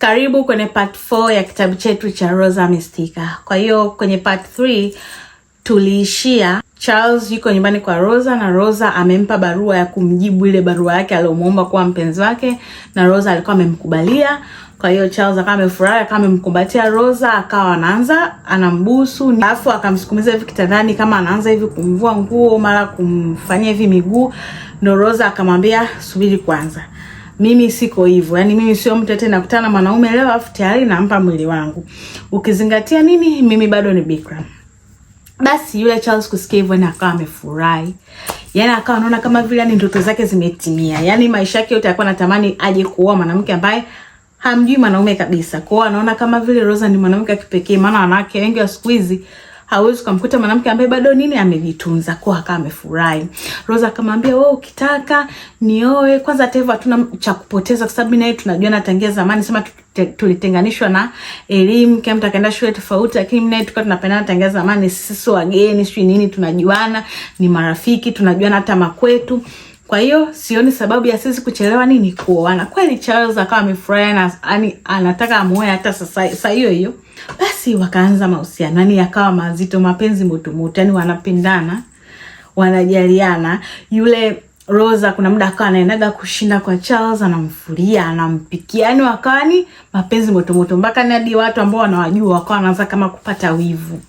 Karibu kwenye part 4 ya kitabu chetu cha Rosa Mystica. Kwa hiyo kwenye part 3 tuliishia Charles yuko nyumbani kwa Rosa na Rosa amempa barua ya kumjibu ile barua yake aliyomuomba kuwa mpenzi wake, na Rosa alikuwa amemkubalia. Kwa hiyo Charles akawa amefurahi, akawa amemkumbatia Rosa, akawa anaanza anambusu, alafu akamsukumiza hivi kitandani, kama anaanza hivi kumvua nguo, mara kumfanyia hivi miguu, ndo Rosa akamwambia subiri kwanza. Mimi siko hivyo, yaani mimi sio mtu tena nakutana mwanaume leo afu tayari nampa mwili wangu, ukizingatia nini, mimi bado ni bikra. Basi yule Charles kusikia hivyo, na akawa amefurahi, yani akawa anaona kama vile ni yaani ndoto zake zimetimia, yani maisha yake yote alikuwa anatamani aje kuoa mwanamke ambaye hamjui mwanaume kabisa. Kwao anaona kama vile Rosa ni mwanamke wa kipekee, maana wanawake wengi wa siku hizi hawezi kumkuta mwanamke ambaye bado nini amejitunza kwa akawa amefurahi. Rosa akamwambia wewe, ukitaka nioe kwanza, hata hivyo hatuna cha kupoteza, kwa sababu naye tunajua na tangia zamani sema tulitenganishwa na elimu, kila mtu akaenda shule tofauti, lakini mimi naye tukawa tunapendana tangia zamani, sisi wageni sio nini, tunajuana, ni marafiki, tunajuana hata makwetu. Kwa hiyo sioni sababu ya sisi kuchelewa nini kuoana. Kweli Charles akawa amefurahi na yani anataka amuoe hata sasa saa hiyo hiyo. Basi wakaanza mahusiano. Yani yakawa mazito, mapenzi moto moto. Yani wanapendana, wanajaliana. Yule Rosa kuna muda akawa anaendaga kushinda kwa Charles, anamfuria, anampikia. Yani wakawa ni yaani, mapenzi moto moto mpaka hadi watu ambao wanawajua wakawa wanaanza kama kupata wivu.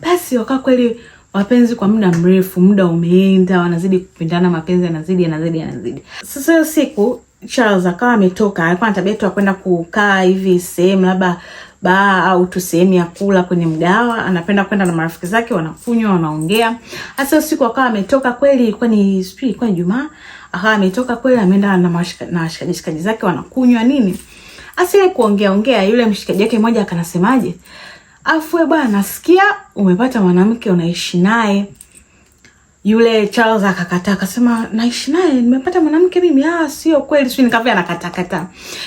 Basi wakawa kweli wapenzi kwa muda mrefu, muda umeenda, wanazidi kupendana, mapenzi yanazidi yanazidi yanazidi. Sasa hiyo siku Charles akawa ametoka, alikuwa na tabia tu ya kwenda kukaa hivi sehemu labda baa au tu sehemu ya kula kwenye mgawa, anapenda kwenda na marafiki zake, wanakunywa wanaongea. Hasa siku akawa ametoka kweli, ilikuwa ni sijui ilikuwa Ijumaa, akawa ametoka kweli, ameenda na washikaji shikaji zake wanakunywa nini, asile kuongea ongea, yule mshikaji wake mmoja akanasemaje Afwe bwana, nasikia umepata mwanamke unaishi naye. Yule Charles akakataa akasema, naishi naye nimepata mwanamke mimi. Ah, sio kweli, sio nikavya nakatakataa.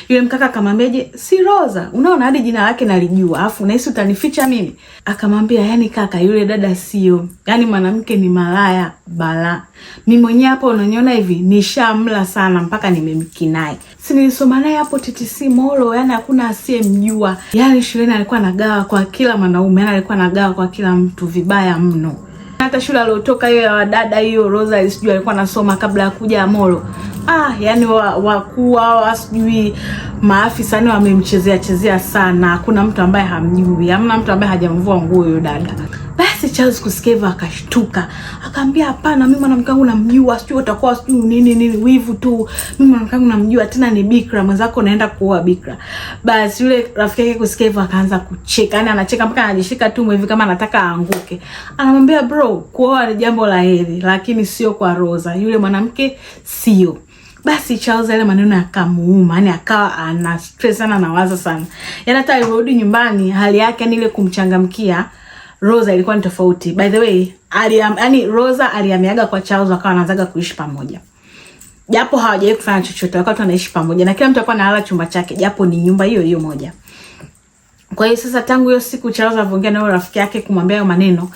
Yule mkaka akamwambia, je, si Rosa? Unaona hadi jina lake nalijua, afu nahisi utanificha mimi. Akamwambia, yani kaka, yule dada sio, yani mwanamke ni malaya bala. Mimi mwenyewe hapo unaniona hivi, nishamla sana mpaka nimemkinai si nilisoma naye hapo TTC Molo, yani hakuna asiyemjua. Yani shuleni alikuwa anagawa kwa kila mwanaume, yani alikuwa anagawa kwa kila mtu vibaya mno. Hata shule aliotoka hiyo ya wadada hiyo Rosa, sijui alikuwa anasoma kabla ya kuja Molo. Ah, yani wakuu hao sijui maafisa ni wamemchezea chezea sana. Hakuna mtu ambaye hamjui, hamna mtu ambaye hajamvua nguo huyo dada. Basi Charles kusikia akashtuka, akaambia hapana, mimi mwanamke wangu namjua, sijui utakuwa sijui nini nini, wivu tu, mimi mwanamke wangu namjua, tena ni bikra mwenzako, naenda kuoa bikra. Basi yule rafiki yake kusikia akaanza kucheka, yani anacheka mpaka anajishika tu hivi kama anataka aanguke. Anamwambia bro, kuoa ni jambo la heri, lakini sio kwa Rosa, yule mwanamke sio basi Charles yale maneno yakamuuma, yani akawa ana stress sana, anawaza sana, yani hata alirudi nyumbani hali yake yani ile kumchangamkia Rosa ilikuwa ni tofauti. By the way, aliam, yani Rosa aliamiaga kwa Charles wakawa wanaanzaga kuishi pamoja. Japo hawajawahi kufanya chochote, wakati wanaishi pamoja na kila mtu alikuwa analala chumba chake, japo ni nyumba hiyo hiyo moja. Kwa hiyo sasa tangu hiyo siku Charles aliongea na rafiki yake kumwambia hayo maneno,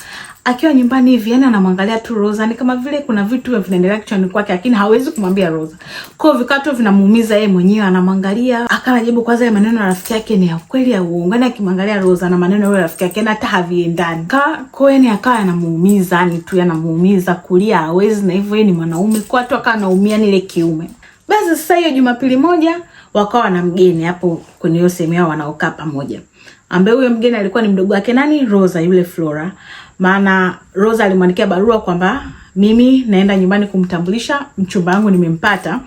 akiwa nyumbani hivi, yani anamwangalia tu Rosa, ni kama vile kuna vitu vinaendelea kichwani kwake, lakini hawezi kumwambia Rosa. Kwa hiyo vikato vinamuumiza yeye mwenyewe, anamwangalia akanajibu kwanza, ya maneno ya rafiki yake ni ya kweli ya uongo, na yaani akimwangalia Rosa na maneno ya rafiki yake yaani hata haviendani. Ka koeni yaani akawa anamuumiza, yani tu anamuumiza, kulia hawezi, na hivyo yeye ni mwanaume, kwa tu akawa anaumia ile kiume. Basi sasa hiyo Jumapili moja wakawa na mgeni hapo kwenye hiyo sehemu yao wanaokaa pamoja, ambaye huyo mgeni alikuwa ni mdogo wake nani, Rosa yule Flora maana Rosa alimwandikia barua kwamba mimi naenda nyumbani kumtambulisha mchumba wangu, nimempata,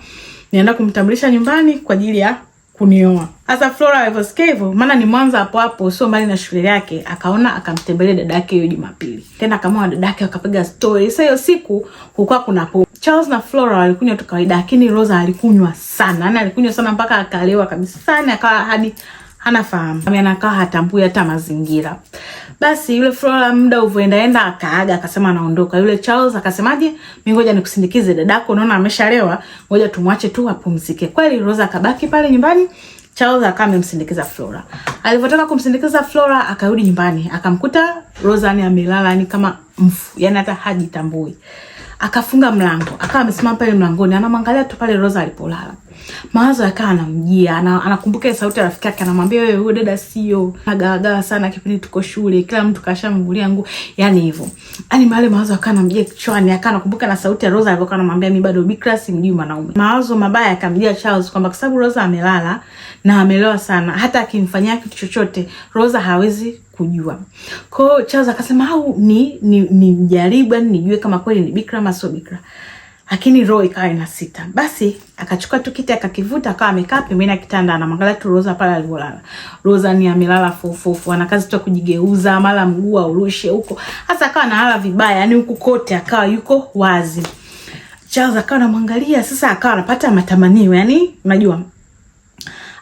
naenda kumtambulisha nyumbani kwa ajili ya kunioa. Sasa Flora alivyosikia hivyo, maana ni Mwanza hapo hapo, sio mbali na shule yake, akaona akamtembelea dadake hiyo Jumapili, tena akamuona dadake akapiga story. Sasa hiyo siku kulikuwa kuna po Charles na Flora walikunywa tu kawaida, lakini Rosa alikunywa sana, yani alikunywa sana mpaka akalewa kabisa, sana, akawa hadi hana fahamu, yani hatambui hata mazingira. Basi yule Flora muda enda akaaga akasema anaondoka. Yule Charles akasemaje, mimi ngoja nikusindikize dadako, unaona ameshalewa, ngoja tumwache tu apumzike. Kweli Rosa akabaki pale nyumbani. Charles akawa amemsindikiza Flora. Alivyotoka kumsindikiza Flora akarudi nyumbani, akamkuta Rosa ni amelala, ni kama mfu, yani hata hajitambui akafunga mlango, akawa amesimama pale mlangoni, anamwangalia tu pale Rosa alipolala. Mawazo yakawa anamjia, anakumbuka sauti ya rafiki yake, anamwambia wewe, huyo dada sio nagaagaa sana kipindi tuko shule, kila mtu kashamgulia nguo, yani hivyo. Yani wale mawazo akawa anamjia kichwani, akawa anakumbuka na sauti ya Rosa alivyokuwa anamwambia mimi bado bikra, simjui mwanaume. Mawazo mabaya yakamjia Charles kwamba kwa sababu Rosa amelala na amelewa sana, hata akimfanyia kitu chochote Rosa hawezi kujua. Kwa hiyo Charles akasema au ni ni mjaribu ni, yani nijue kama kweli ni bikra ama sio bikra. Lakini roho ikawa ina sita. Basi akachukua tu kiti akakivuta akawa amekaa pembeni ya kitanda na mwangalia tu Rosa pale alipolala. Rosa ni amelala fofofu, ana kazi tu kujigeuza, mara mguu aurushe huko. Hasa akawa analala vibaya, yani huko kote akawa yuko wazi. Charles akawa anamwangalia, sasa akawa anapata matamanio, yani unajua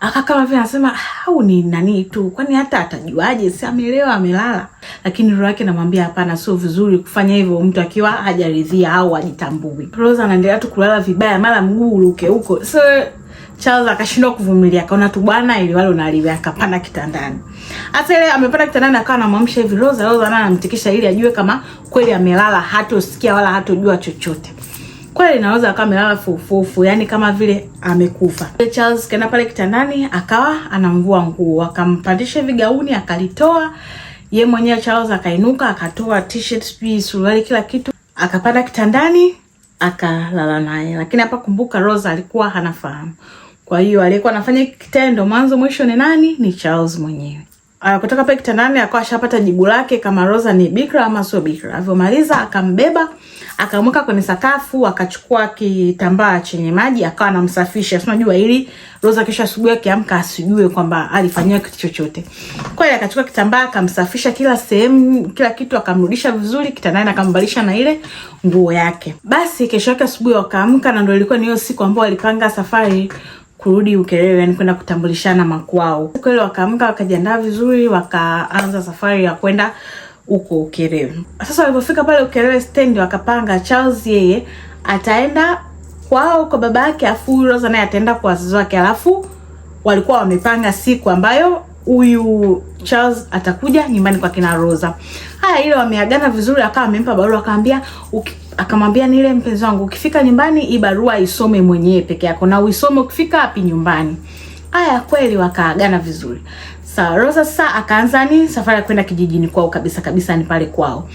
aka kama vile anasema au ni nani tu, kwani hata atajuaje? Si amelewa amelala. Lakini roho yake namwambia hapana, sio vizuri kufanya hivyo mtu akiwa hajaridhia au hajitambui. Rose anaendelea tu kulala vibaya, mara mguu uruke huko. So Charles akashindwa kuvumilia, akaona tu bwana ili wale unaliwe, akapanda kitandani. Hata ile amepanda kitandani akawa anamwamsha hivi Rose, Rose anamtikisha ili ajue kama kweli amelala, hatosikia wala hatojua chochote kweli naweza akawa amelala fufufu, yani kama vile amekufa. Charles kaenda pale kitandani akawa anamvua nguo, akampandisha hivi gauni akalitoa ye mwenyewe. Charles akainuka akatoa t-shirt, suruali, kila kitu, akapanda kitandani akalala naye. Lakini hapa kumbuka, Rose alikuwa hanafahamu, kwa hiyo aliyekuwa anafanya kitendo mwanzo mwisho ni nani? Ni Charles mwenyewe. Uh, kutoka pale kitandani akawa ashapata jibu lake kama Rosa ni bikra ama sio bikra. Alivyomaliza akambeba akamweka kwenye sakafu, akachukua kitambaa chenye maji akawa anamsafisha, unajua, ili Rosa kesho asubuhi akiamka asijue kwamba alifanyiwa kitu chochote. Kwa hiyo akachukua kitambaa akamsafisha kila sehemu, kila kitu, akamrudisha vizuri kitandani, akambalisha na ile nguo yake. Basi kesho yake asubuhi wakaamka, na ndio ilikuwa ni hiyo siku ambayo alipanga safari kurudi Ukerewe, yani kwenda kutambulishana makwao. Kweli wakaamka wakajiandaa vizuri, wakaanza safari ya kwenda huko Ukerewe. Sasa walipofika pale Ukerewe stendi, wakapanga Charles yeye ataenda kwao kwa baba yake, afu Rosa naye ataenda kwa wazazi wake, alafu walikuwa wamepanga siku ambayo huyu Charles atakuja nyumbani kwa kina Rosa. Haya, ile wameagana vizuri, akawa amempa barua akamwambia akamwambia nile, mpenzi wangu, ukifika nyumbani hii barua isome mwenyewe peke yako na uisome ukifika hapi nyumbani. Haya, kweli wakaagana vizuri. Sawa, Rosa sasa akaanza ni safari ya kwenda kijijini kwao kabisa kabisa, ni pale kwao.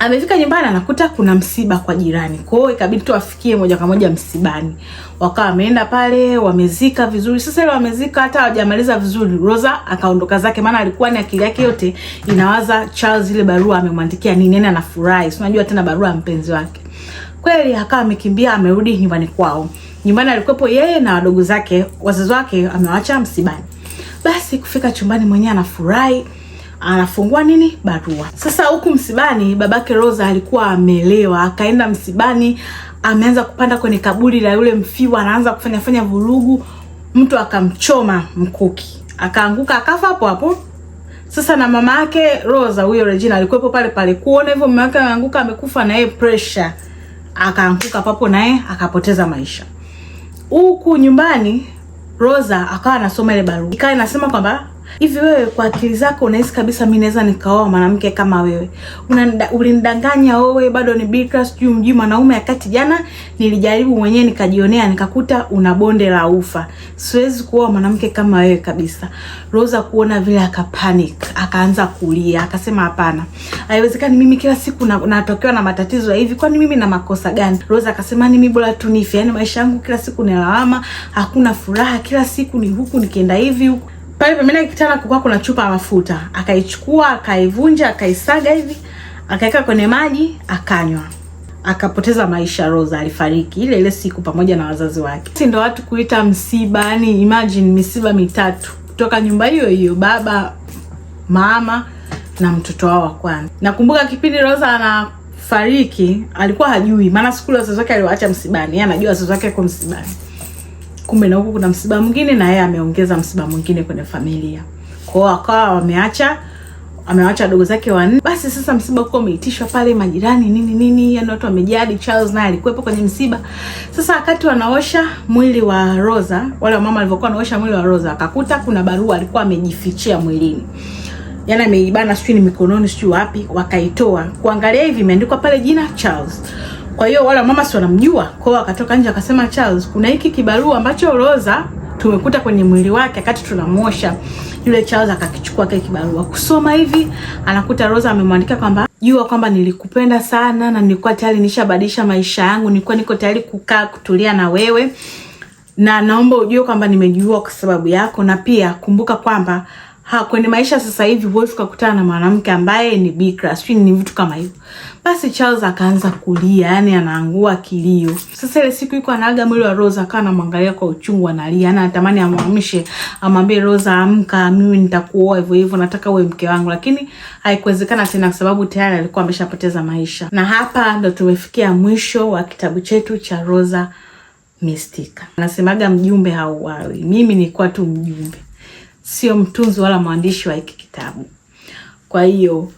Amefika nyumbani anakuta kuna msiba kwa jirani, kwa hiyo ikabidi tu afikie moja kwa moja msibani. Wakawa wameenda pale, wamezika vizuri. Sasa ile wamezika hata hawajamaliza vizuri, Rosa akaondoka zake, maana alikuwa ni akili yake yote inawaza Charles ile barua amemwandikia nini, nani anafurahi, si unajua tena barua ya mpenzi wake. Kweli akawa amekimbia, amerudi nyumbani kwao. Nyumbani alikuwepo yeye na wadogo zake, wazazi wake amewaacha msibani. Basi kufika chumbani mwenyewe anafurahi anafungua nini barua. Sasa huku msibani, babake Rosa alikuwa amelewa, akaenda msibani, ameanza kupanda kwenye kaburi la yule mfiwa, anaanza kufanya fanya vurugu, mtu akamchoma mkuki, akaanguka akafa hapo hapo. Sasa na mama yake Rosa huyo Regina alikuwepo pale pale kuona hivyo mama yake anaanguka amekufa, na yeye pressure akaanguka papo, na yeye akapoteza maisha. Huku nyumbani Rosa akawa anasoma ile barua, ikawa inasema kwamba Hivi wewe kwa akili zako unahisi kabisa mimi naweza nikaoa mwanamke kama wewe? Una ulinidanganya wewe, bado ni bikra, sijui mjui mwanaume, Akati jana nilijaribu mwenyewe nikajionea, nikakuta una bonde la ufa. Siwezi kuoa mwanamke kama wewe kabisa. Rosa kuona vile akapanic, akaanza kulia, akasema hapana, haiwezekani, mimi kila siku na, natokewa na matatizo hivi, kwani mimi na makosa gani? Rosa akasema ni yaani mimi bora tu nife, yani maisha yangu kila siku ni lawama, hakuna furaha, kila siku ni huku nikienda hivi huku pale pembeni ya kukua kuna chupa ya mafuta, akaichukua akaivunja, akaisaga hivi, akaweka kwenye maji, akanywa, akapoteza maisha. Rosa alifariki ile ile siku pamoja na wazazi wake. Si ndo watu kuita msiba? Yani imagine misiba mitatu kutoka nyumba hiyo hiyo, baba, mama na mtoto wao wa kwanza. Nakumbuka kipindi Rosa anafariki alikuwa hajui, maana siku ile wazazi wake aliwaacha msibani, yeye anajua wazazi wake kwa msibani kumbe na huku kuna msiba mwingine, na yeye ameongeza msiba mwingine kwenye familia. kwao, akawa wameacha amewacha wadogo zake wanne. Basi sasa msiba uko umeitishwa pale, majirani nini nini, yani watu wamejadi. Charles naye alikuwepo kwenye msiba. Sasa wakati wanaosha mwili wa Rosa, wale wa mama walivyokuwa wanaosha mwili wa Rosa, akakuta kuna barua alikuwa amejifichia mwilini, yani ameibana, sijui ni mikononi, sijui wapi. Wakaitoa kuangalia hivi, imeandikwa pale jina Charles. Kwa hiyo wala mama si wanamjua, kwa hiyo akatoka nje akasema, Charles, kuna hiki kibarua ambacho rosa tumekuta kwenye mwili wake wakati tunamwosha. Yule Charles akakichukua kile kibarua kusoma hivi, anakuta Rosa amemwandika kwamba jua kwamba nilikupenda sana na nilikuwa tayari nishabadilisha maisha yangu, nilikuwa niko tayari kukaa kutulia na wewe, na naomba ujue kwamba nimejua kwa sababu yako, na pia kumbuka kwamba ha, kwenye maisha sasa hivi huwezi ukakutana na mwanamke ambaye ni bikra, sijui ni vitu kama hivyo. Basi Charles akaanza kulia, yani anaangua kilio. Sasa ile siku iko anaaga mwili wa Rosa, akawa anamwangalia kwa uchungu, analia, ana yaani natamani amwamshe, amwambie Rosa, amka, mimi nitakuoa hivyo hivyo, nataka uwe mke wangu, lakini haikuwezekana tena, kwa sababu tayari alikuwa ameshapoteza maisha. Na hapa ndo tumefikia mwisho wa kitabu chetu cha Rosa Mistika. Anasemaga mjumbe hauawi. Mimi nilikuwa tu mjumbe sio mtunzi wala mwandishi wa hiki kitabu. Kwa hiyo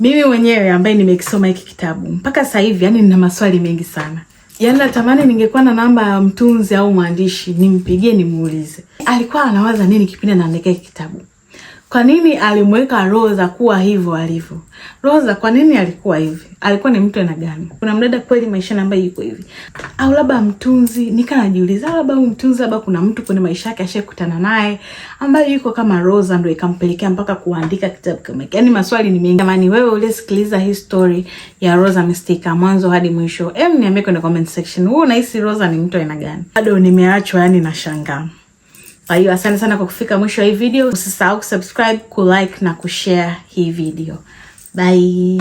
mimi mwenyewe ambaye nimekisoma hiki kitabu mpaka sasa hivi, yani nina maswali mengi sana. Yaani natamani ningekuwa na namba ya mtunzi au mwandishi nimpigie nimuulize alikuwa anawaza nini kipindi anaandika hiki kitabu. Kwa nini alimweka Rosa kuwa hivyo alivyo? Rosa kwa nini alikuwa hivi? Alikuwa ni mtu aina gani? Kuna mdada kweli maisha namba yuko hivi? Au labda mtunzi, nika najiuliza labda huyu mtunzi labda kuna mtu kwenye maisha yake ashakutana naye ambaye yuko kama Rosa ndio ikampelekea mpaka kuandika kitabu kama hiki. Yaani maswali ni mengi. Jamani wewe ulisikiliza hii story ya Rosa Mystica mwanzo hadi mwisho. Em, niambie kwenye comment section. Wewe unahisi Rosa ni mtu aina gani? Bado nimeachwa yani nashangaa. Kwa hiyo asante sana kwa kufika mwisho wa hii video. Usisahau kusubscribe, kulike na kushare hii video. Bye.